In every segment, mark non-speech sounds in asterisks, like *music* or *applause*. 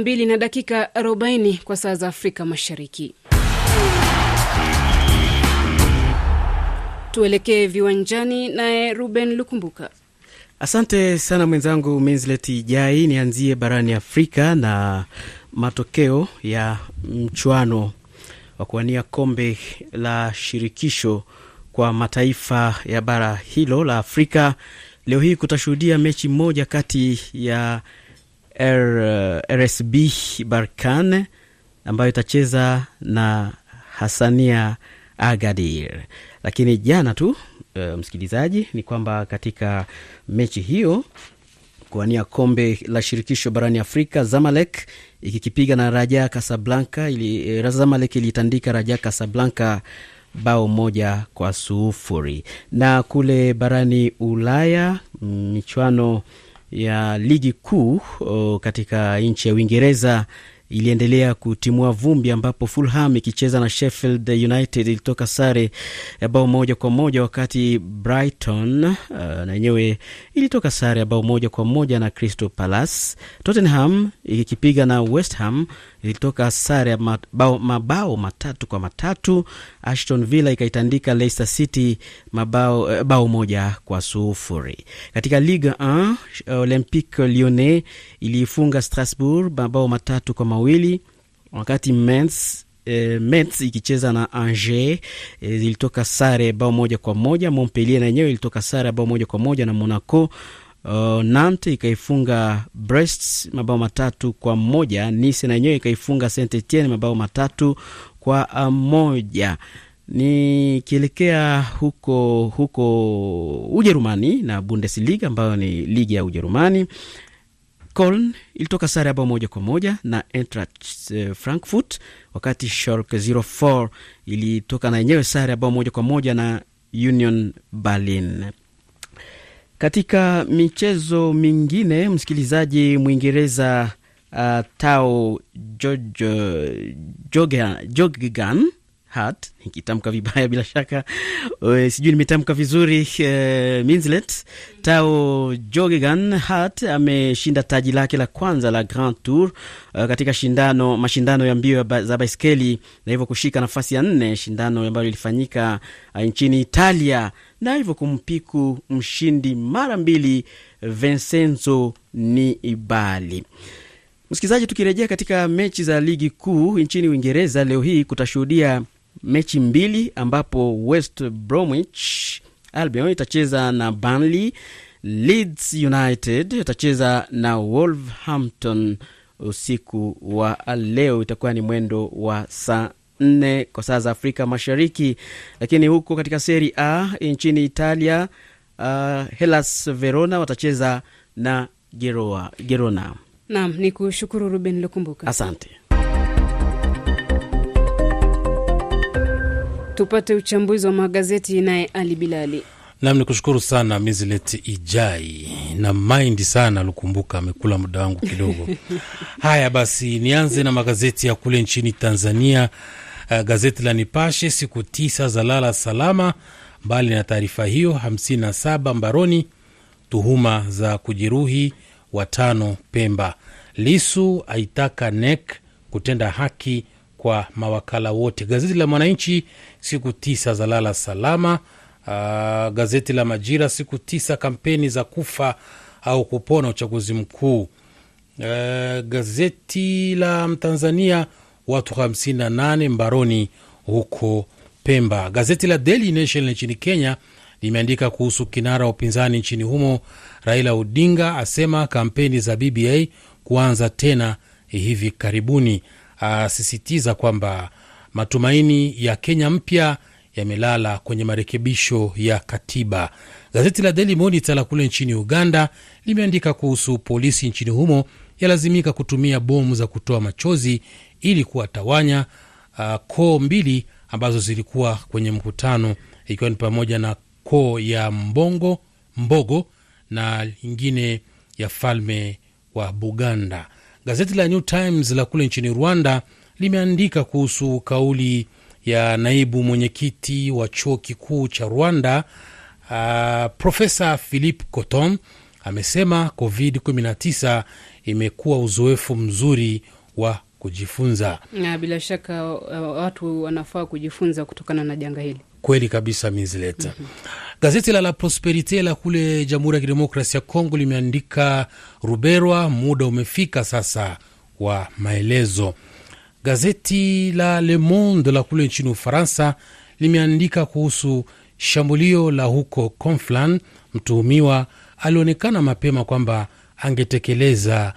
mbili na dakika 40 kwa saa za Afrika Mashariki. Tuelekee viwanjani naye Ruben Lukumbuka. Asante sana mwenzangu Minslet Jai. Nianzie barani Afrika na matokeo ya mchuano wa kuwania kombe la shirikisho kwa mataifa ya bara hilo la Afrika. Leo hii kutashuhudia mechi moja kati ya R, uh, RSB Barkan ambayo itacheza na Hasania Agadir. Lakini jana tu uh, msikilizaji, ni kwamba katika mechi hiyo kuwania kombe la shirikisho barani Afrika, Zamalek ikikipiga na Raja Kasablanka ili, eh, Zamalek ilitandika Raja Kasablanka bao moja kwa sufuri. Na kule barani Ulaya michuano ya ligi kuu katika nchi ya Uingereza iliendelea kutimua vumbi ambapo Fulham ikicheza na Sheffield United ilitoka sare ya bao moja kwa moja wakati Brighton uh, na yenyewe ilitoka sare ya bao moja kwa moja na Crystal Palace. Tottenham ikipiga na West Ham ilitoka sare ya mabao, mabao matatu kwa matatu. ashton Villa ikaitandika Leicester City mabao eh, bao moja kwa sufuri. Katika Ligue 1 Olympique Lyonnais iliifunga Strasbourg mabao matatu kwa mawili wakati Mens E, eh, Metz ikicheza na Angers e, sare bao moja kwa moja. Montpellier na yenyewe ilitoka sare bao moja kwa moja na Monaco. Uh, Nantes ikaifunga Brest mabao matatu kwa moja. Nice na yenyewe ikaifunga Saint Etienne mabao matatu kwa uh, moja. Nikielekea huko huko Ujerumani na Bundesliga ambayo ni ligi ya Ujerumani, Köln ilitoka sare ya bao moja kwa moja na Eintracht eh, Frankfurt, wakati Schalke 04 ilitoka na yenyewe sare ya bao moja kwa moja na Union Berlin. Katika michezo mingine, msikilizaji, Mwingereza uh, Tao Jogigan hat nikitamka vibaya bila shaka we, sijui nimetamka vizuri uh, eh, Minslet Tao Jorgensen Hart ameshinda taji lake la kwanza la Grand Tour uh, katika shindano, mashindano ya mbio ba, za baiskeli na hivyo kushika nafasi ya nne, shindano ambayo ilifanyika uh, nchini Italia na hivyo kumpiku mshindi mara mbili Vincenzo ni Ibali. Msikilizaji, tukirejea katika mechi za ligi kuu nchini Uingereza, leo hii kutashuhudia mechi mbili ambapo West Bromwich Albion itacheza na Burnley, Leeds United itacheza na Wolverhampton usiku wa leo, itakuwa ni mwendo wa saa nne kwa saa za Afrika Mashariki. Lakini huko katika seri A nchini Italia, uh, helas Verona watacheza na Geroa, Gerona. nam ni kushukuru Ruben Lukumbuka, asante. Tupate uchambuzi wa magazeti naye Ali Bilali. Nam, ni kushukuru sana Mizlet Ijai na maindi sana Lukumbuka, amekula muda wangu kidogo. *laughs* Haya basi, nianze na magazeti ya kule nchini Tanzania uh, gazeti la Nipashe siku tisa za lala salama. Mbali na taarifa hiyo, 57 mbaroni, tuhuma za kujeruhi watano Pemba. Lisu aitaka NEC kutenda haki kwa mawakala wote. Gazeti la Mwananchi siku tisa za lala salama. Uh, gazeti la Majira siku tisa kampeni za kufa au kupona uchaguzi mkuu. Uh, gazeti la Mtanzania watu 58 mbaroni huko Pemba. Gazeti la Daily Nation nchini Kenya limeandika kuhusu kinara wa upinzani nchini humo Raila Odinga asema kampeni za BBI kuanza tena hivi karibuni, asisitiza kwamba matumaini ya Kenya mpya yamelala kwenye marekebisho ya katiba. Gazeti la Daily Monitor la kule nchini Uganda limeandika kuhusu polisi nchini humo yalazimika kutumia bomu za kutoa machozi ili kuwatawanya uh, koo mbili ambazo zilikuwa kwenye mkutano ikiwa ni pamoja na koo ya Mbongo Mbogo na ingine ya falme wa Buganda. Gazeti la New Times la kule nchini Rwanda limeandika kuhusu kauli ya naibu mwenyekiti wa chuo kikuu cha Rwanda uh, Profesa Philip Coton amesema COVID-19 imekuwa uzoefu mzuri wa kujifunza. Na bila shaka uh, watu wanafaa kujifunza kutokana na janga hili. Kweli kabisa mizileta. mm -hmm. Gazeti la La Prosperite la kule Jamhuri ya kidemokrasi ya Kongo limeandika Ruberwa, muda umefika sasa wa maelezo. Gazeti la Le Monde la kule nchini Ufaransa limeandika kuhusu shambulio la huko conflan Mtuhumiwa alionekana mapema kwamba angetekeleza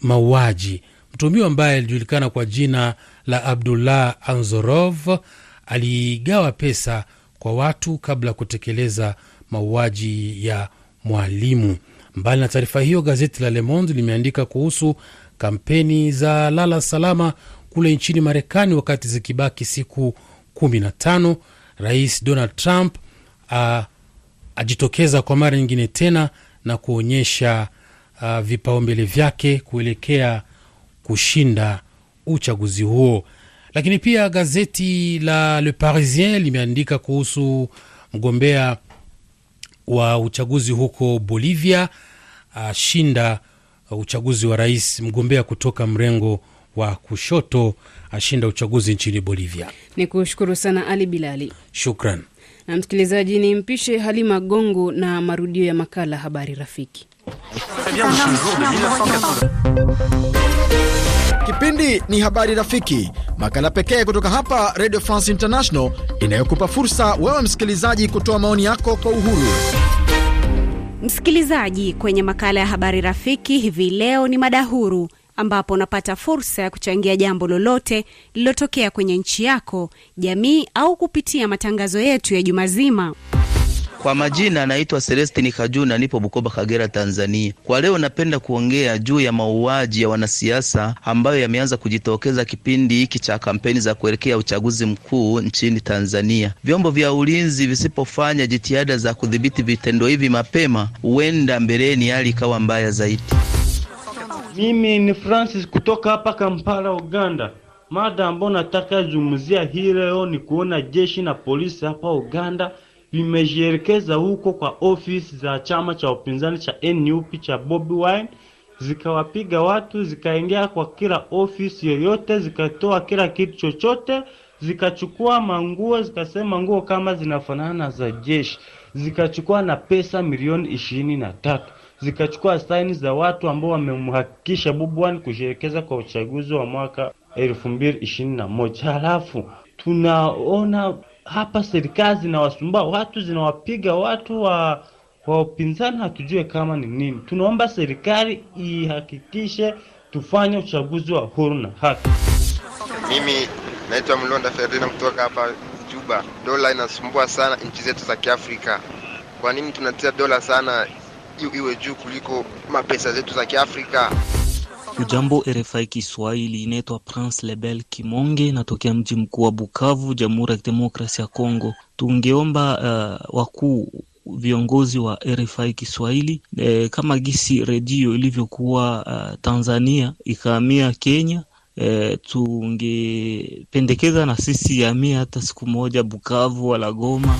mauaji Mtuhumiwa ambaye alijulikana kwa jina la Abdullah Anzorov aligawa pesa kwa watu kabla ya kutekeleza mauaji ya mwalimu. Mbali na taarifa hiyo, gazeti la Le Monde limeandika kuhusu kampeni za lala salama kule nchini Marekani. Wakati zikibaki siku 15, Rais Donald Trump a, ajitokeza kwa mara nyingine tena na kuonyesha vipaumbele vyake kuelekea kushinda uchaguzi huo. Lakini pia gazeti la Le Parisien limeandika kuhusu mgombea wa uchaguzi huko Bolivia ashinda uchaguzi wa rais. Mgombea kutoka mrengo wa kushoto ashinda uchaguzi nchini Bolivia. Ni kushukuru sana Ali Bilali, shukran. Na msikilizaji, ni mpishe Halima Gongo na marudio ya makala Habari Rafiki. Kipindi ni Habari Rafiki, makala pekee kutoka hapa Radio France International inayokupa fursa wewe msikilizaji kutoa maoni yako kwa uhuru. Msikilizaji, kwenye makala ya Habari Rafiki hivi leo ni mada huru ambapo unapata fursa ya kuchangia jambo lolote lililotokea kwenye nchi yako, jamii au kupitia matangazo yetu ya juma zima. Kwa majina naitwa Celestini Kajuna, nipo Bukoba, Kagera, Tanzania. Kwa leo napenda kuongea juu ya mauaji ya wanasiasa ambayo yameanza kujitokeza kipindi hiki cha kampeni za kuelekea uchaguzi mkuu nchini Tanzania. Vyombo vya ulinzi visipofanya jitihada za kudhibiti vitendo hivi mapema, huenda mbeleni hali ikawa mbaya zaidi. Mimi ni Francis kutoka hapa Kampala, Uganda. Mada ambayo nataka zungumzia hii leo ni kuona jeshi na polisi hapa Uganda vimejielekeza huko kwa ofisi za chama cha upinzani cha NUP cha Bobi Wine, zikawapiga watu, zikaingia kwa kila ofisi yoyote, zikatoa kila kitu chochote, zikachukua manguo, zikasema nguo kama zinafanana za jeshi, zikachukua na pesa milioni ishirini na tatu zikachukua saini za watu ambao wamemhakikisha Bobi Wine kusherekeza kwa uchaguzi wa mwaka elfu mbili ishirini na moja. Halafu tunaona hapa serikali zinawasumbua watu, zinawapiga watu wa wa upinzani, hatujue kama ni nini. Tunaomba serikali ihakikishe tufanye uchaguzi wa huru na haki. Mimi naitwa Mlonda Ferdinand kutoka hapa Juba. Dola inasumbua sana nchi zetu za Kiafrika. Kwa nini tunatia dola sana iwe juu kuliko mapesa zetu za Kiafrika? Ujambo RFI Kiswahili, inaitwa Prince Lebel Kimonge, natokea mji mkuu wa Bukavu, Jamhuri ya Kidemokrasia ya Kongo. Tungeomba uh, wakuu viongozi wa RFI Kiswahili e, kama gisi redio ilivyokuwa uh, Tanzania ikahamia Kenya e, tungependekeza na sisi yamia hata siku moja Bukavu wala Goma.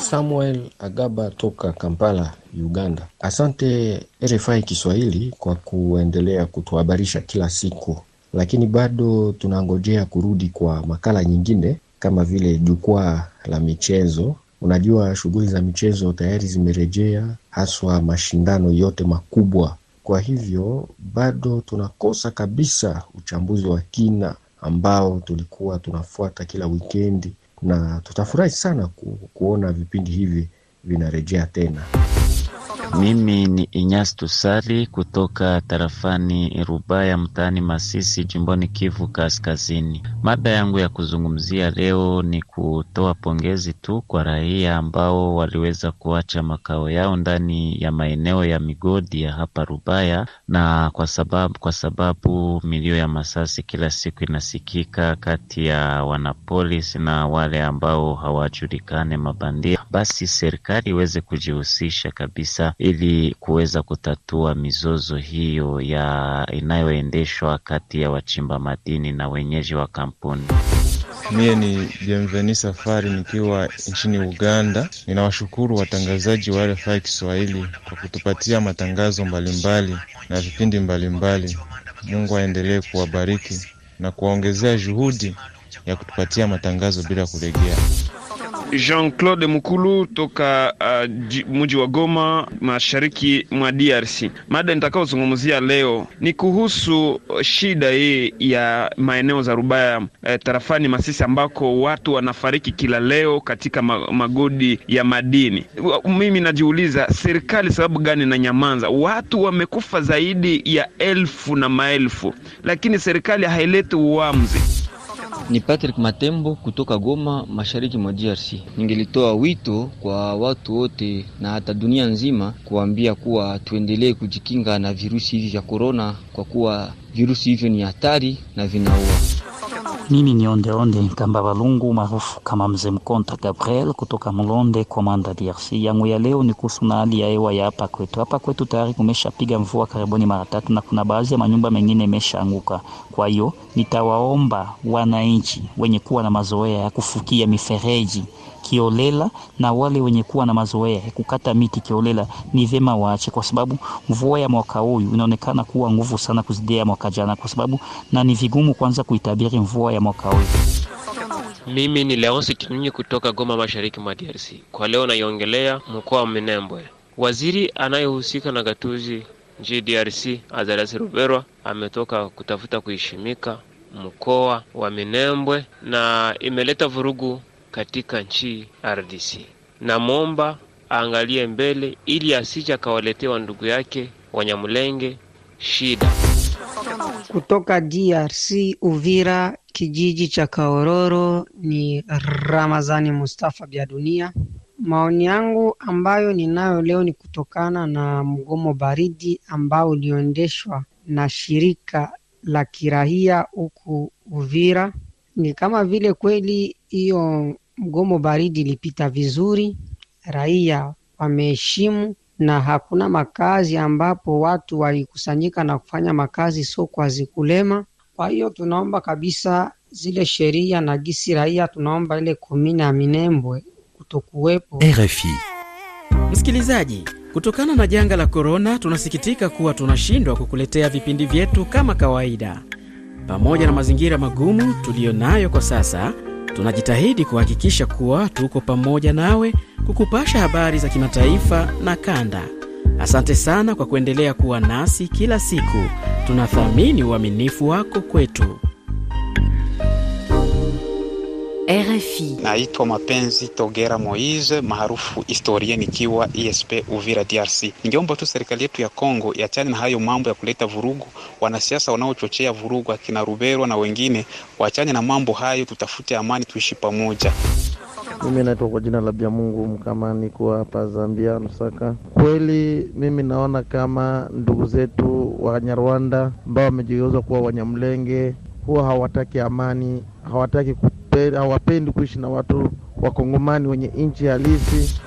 Samuel Agaba toka Kampala, Uganda. Asante RFI Kiswahili kwa kuendelea kutuhabarisha kila siku, lakini bado tunangojea kurudi kwa makala nyingine kama vile jukwaa la michezo. Unajua, shughuli za michezo tayari zimerejea, haswa mashindano yote makubwa. Kwa hivyo bado tunakosa kabisa uchambuzi wa kina ambao tulikuwa tunafuata kila wikendi na tutafurahi sana ku, kuona vipindi hivi vinarejea tena. Mimi ni inyas tusali kutoka tarafani Rubaya mtaani Masisi jimboni Kivu Kaskazini. Mada yangu ya kuzungumzia leo ni kutoa pongezi tu kwa raia ambao waliweza kuacha makao yao ndani ya maeneo ya migodi ya hapa Rubaya, na kwa sababu kwa sababu milio ya masasi kila siku inasikika kati ya wanapolis na wale ambao hawajulikane mabandia, basi serikali iweze kujihusisha kabisa ili kuweza kutatua mizozo hiyo ya inayoendeshwa kati ya wachimba madini na wenyeji wa kampuni. Mie ni Bienveni Safari nikiwa nchini Uganda. Ninawashukuru watangazaji wa RFI Kiswahili kwa kutupatia matangazo mbalimbali mbali na vipindi mbalimbali. Mungu aendelee kuwabariki na kuwaongezea juhudi ya kutupatia matangazo bila kulegea. Jean-Claude Mukulu toka uh, mji wa Goma mashariki mwa DRC. Mada nitakayozungumzia leo ni kuhusu uh, shida hii ya maeneo za Rubaya eh, tarafani Masisi ambako watu wanafariki kila leo katika magodi ya madini. Uh, mimi najiuliza serikali sababu gani na nyamanza? Watu wamekufa zaidi ya elfu na maelfu, lakini serikali haileti uamuzi. Ni Patrick Matembo kutoka Goma, mashariki mwa DRC. Ningelitoa wito kwa watu wote na hata dunia nzima kuambia kuwa tuendelee kujikinga na virusi hivi vya korona, kwa kuwa virusi hivyo ni hatari na vinaua. Nini ni onde onde, kamba balungu maarufu kama mzee Mkonta Gabriel kutoka Mlonde Komanda, DRC. Yangu ya leo ni kuhusu na hali ya hewa ya hapa kwetu. Hapa kwetu tayari kumeshapiga mvua karibuni mara tatu, na kuna baadhi ya manyumba mengine imeshaanguka. Kwa hiyo nitawaomba wananchi wenye kuwa na mazoea ya kufukia mifereji kiolela na wale wenye kuwa na mazoea ya kukata miti kiolela ni vema waache, kwa sababu mvua ya mwaka huu inaonekana kuwa nguvu sana kuzidia ya mwaka jana, kwa sababu na ni vigumu kwanza kuitabiri mvua ya mwaka huu. Mimi ni Leonsi Kinyinyi kutoka Goma, mashariki mwa DRC. Kwa leo naiongelea mkoa wa Minembwe. Waziri anayehusika na gatuzi nchini DRC Azarias Ruberwa ametoka kutafuta kuheshimika mkoa wa Minembwe na imeleta vurugu katika nchi RDC. Namwomba aangalie mbele ili asije akawaletewa ndugu yake Wanyamulenge shida. Kutoka DRC Uvira, kijiji cha Kaororo, ni Ramazani Mustafa bya dunia. Maoni yangu ambayo ninayo leo ni kutokana na mgomo baridi ambao uliondeshwa na shirika la kirahia huku Uvira. Ni kama vile kweli hiyo mgomo baridi ilipita vizuri, raia wameheshimu na hakuna makazi ambapo watu walikusanyika na kufanya makazi soko hazikulema. Kwa hiyo tunaomba kabisa zile sheria na gisi raia, tunaomba ile komina ya Minembwe kutokuwepo. RFI msikilizaji, kutokana na janga la korona, tunasikitika kuwa tunashindwa kukuletea vipindi vyetu kama kawaida, pamoja na mazingira magumu tuliyo nayo kwa sasa Tunajitahidi kuhakikisha kuwa tuko pamoja nawe kukupasha habari za kimataifa na kanda. Asante sana kwa kuendelea kuwa nasi kila siku. Tunathamini uaminifu wako kwetu. RFI. Naitwa Mapenzi Togera Moise maarufu historia, nikiwa ESP Uvira, DRC. Ningeomba tu serikali yetu ya Kongo yachane na hayo mambo ya kuleta vurugu. Wanasiasa wanaochochea vurugu akina Ruberwa na wengine wachane na mambo hayo, tutafute amani, tuishi pamoja. Mimi naitwa kwa jina la bia Mungu mkamani kuwa hapa Zambia, Lusaka. Kweli mimi naona kama ndugu zetu Wanyarwanda ambao wamejigeuza kuwa Wanyamlenge huwa hawataki amani, hawataki hawapendi kuishi na watu wakongomani wenye nchi halisi.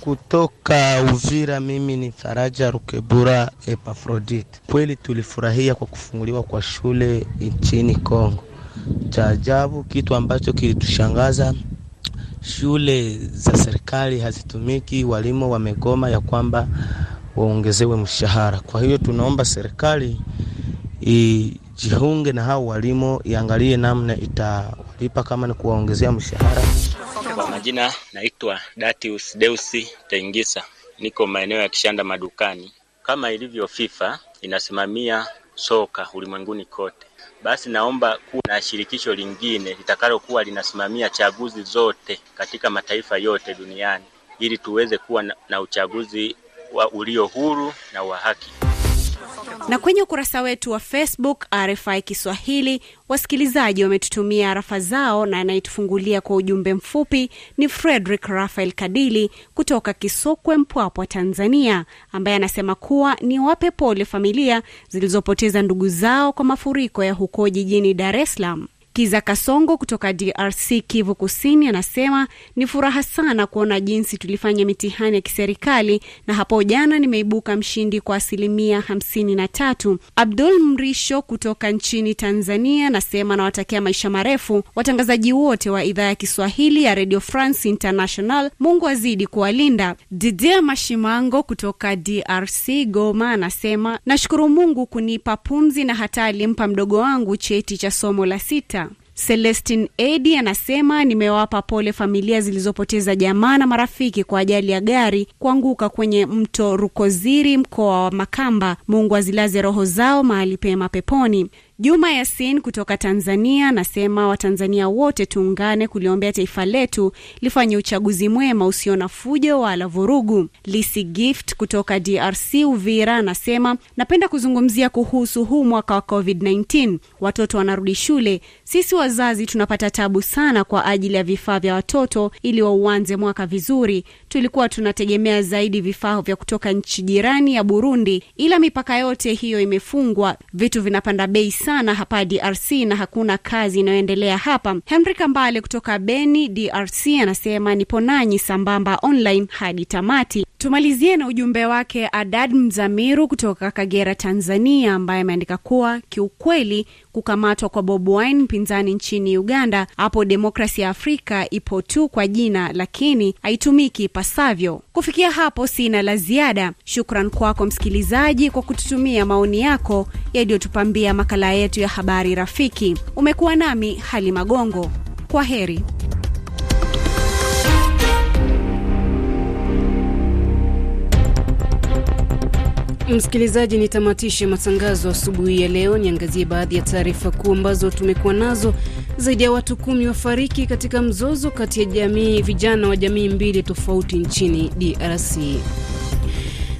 Kutoka Uvira, mimi ni Faraja Rukebura Epafrodite. Kweli tulifurahia kwa kufunguliwa kwa shule nchini Kongo. Cha ajabu, kitu ambacho kilitushangaza, shule za serikali hazitumiki, walimu wamegoma ya kwamba waongezewe mshahara. Kwa hiyo tunaomba serikali i jiunge na hao walimu, iangalie namna itawalipa kama ni kuwaongezea mshahara. Kwa majina naitwa Datius Deusi tengisa niko maeneo ya Kishanda madukani. Kama ilivyo FIFA inasimamia soka ulimwenguni kote, basi naomba kuwa na shirikisho lingine litakalokuwa linasimamia chaguzi zote katika mataifa yote duniani ili tuweze kuwa na, na uchaguzi wa ulio huru na wa haki na kwenye ukurasa wetu wa Facebook RFI Kiswahili, wasikilizaji wametutumia rafa zao, na anayetufungulia kwa ujumbe mfupi ni Frederick Rafael Kadili kutoka Kisokwe, Mpwapwa, Tanzania, ambaye anasema kuwa ni wape pole familia zilizopoteza ndugu zao kwa mafuriko ya huko jijini Dar es Salaam. Kiza Kasongo kutoka DRC, Kivu Kusini, anasema ni furaha sana kuona jinsi tulifanya mitihani ya kiserikali na hapo jana nimeibuka mshindi kwa asilimia hamsini na tatu. Abdul Mrisho kutoka nchini Tanzania anasema anawatakia maisha marefu watangazaji wote wa idhaa ya Kiswahili ya Radio France International, Mungu azidi kuwalinda. Didia Mashimango kutoka DRC, Goma, anasema nashukuru Mungu kunipa pumzi na hata alimpa mdogo wangu cheti cha somo la sita. Celestin Edi anasema nimewapa pole familia zilizopoteza jamaa na marafiki kwa ajali ya gari kuanguka kwenye mto Rukoziri, mkoa wa Makamba. Mungu azilaze roho zao mahali pema peponi. Juma Yasin kutoka Tanzania anasema Watanzania wote tuungane kuliombea taifa letu lifanye uchaguzi mwema usio na fujo wala vurugu. Lisi Gift kutoka DRC, Uvira, anasema napenda kuzungumzia kuhusu huu mwaka wa COVID-19. Watoto wanarudi shule, sisi wazazi tunapata tabu sana kwa ajili ya vifaa vya watoto ili wauanze mwaka vizuri. Tulikuwa tunategemea zaidi vifaa vya kutoka nchi jirani ya Burundi, ila mipaka yote hiyo imefungwa, vitu vinapanda bei sana hapa DRC na hakuna kazi inayoendelea hapa. Henry Kambale kutoka Beni, DRC, anasema nipo nanyi sambamba online hadi tamati. Tumalizie na ujumbe wake Adad Mzamiru kutoka Kagera, Tanzania, ambaye ameandika kuwa kiukweli kukamatwa kwa bob Wine, mpinzani nchini Uganda, hapo Demokrasi ya Afrika ipo tu kwa jina, lakini haitumiki ipasavyo. Kufikia hapo, sina la ziada. Shukran kwako msikilizaji kwa kututumia maoni yako yaliyotupambia makala yetu ya habari rafiki. Umekuwa nami Halima Gongo, kwa heri. Msikilizaji, nitamatishe matangazo asubuhi ya leo, niangazie baadhi ya taarifa kuu ambazo tumekuwa nazo. Zaidi ya watu kumi wafariki katika mzozo kati ya jamii vijana wa jamii mbili tofauti nchini DRC.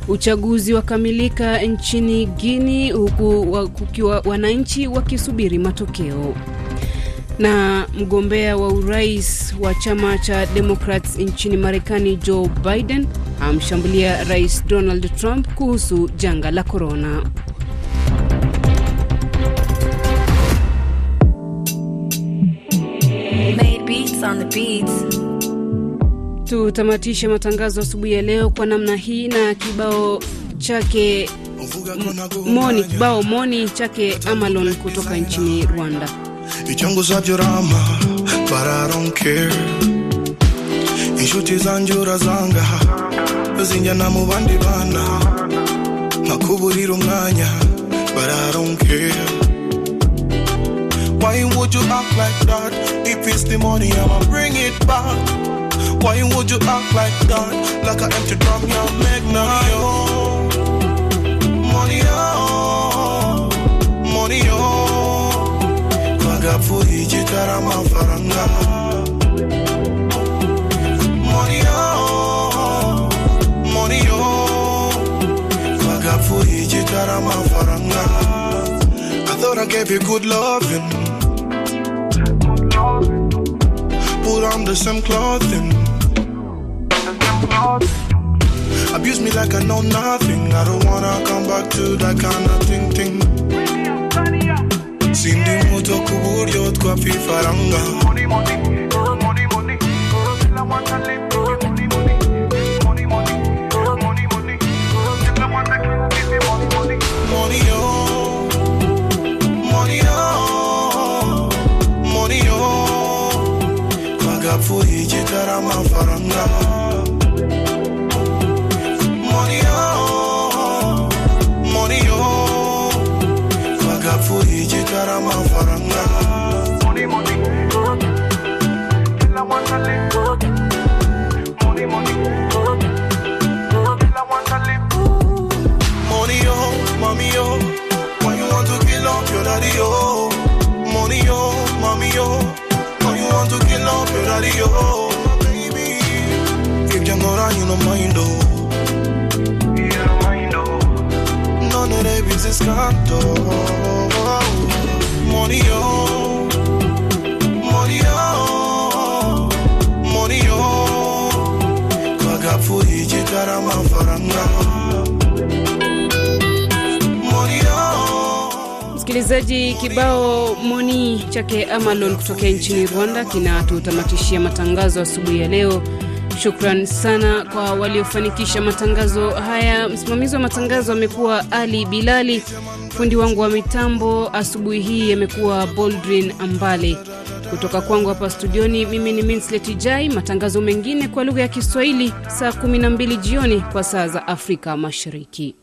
Uchaguzi wakamilika nchini Guini huku kukiwa wananchi wakisubiri matokeo. Na mgombea wa urais wa chama cha Democrats nchini Marekani Joe Biden amshambulia Rais Donald Trump kuhusu janga la korona. Tutamatishe matangazo asubuhi ya leo kwa namna hii na kibao chake moni kibao moni chake Amalon kutoka nchini Rwanda. inshuti zanjye urazanga zinjyana mu bandi bana nkakuburira umwanya but I don't care Why would you act like that? If it's the money, I'ma bring it back. Why would you act like that? Like an empty drum, you're magnet. Money, oh, money, oh. Kwanga fuhiji tarama faranga. Shara Mafaranga. I thought I gave you good loving. Put on the same clothing. Abuse me like I know nothing. I don't wanna come back to that kind of thing thing. Sindi moto kuburi otkwa faranga. Money money, money money, kila mwanalipa. era más farandao tanto. karama faranga. Msikilizaji, kibao moni chake Amalon kutokea nchini Rwanda kinatutamatishia matangazo asubuhi ya leo. Shukran sana kwa waliofanikisha matangazo haya. Msimamizi wa matangazo amekuwa Ali Bilali, fundi wangu wa mitambo asubuhi hii amekuwa Boldrin Ambale. Kutoka kwangu hapa studioni, mimi ni Minslet Jai. Matangazo mengine kwa lugha ya Kiswahili saa 12 jioni kwa saa za Afrika Mashariki.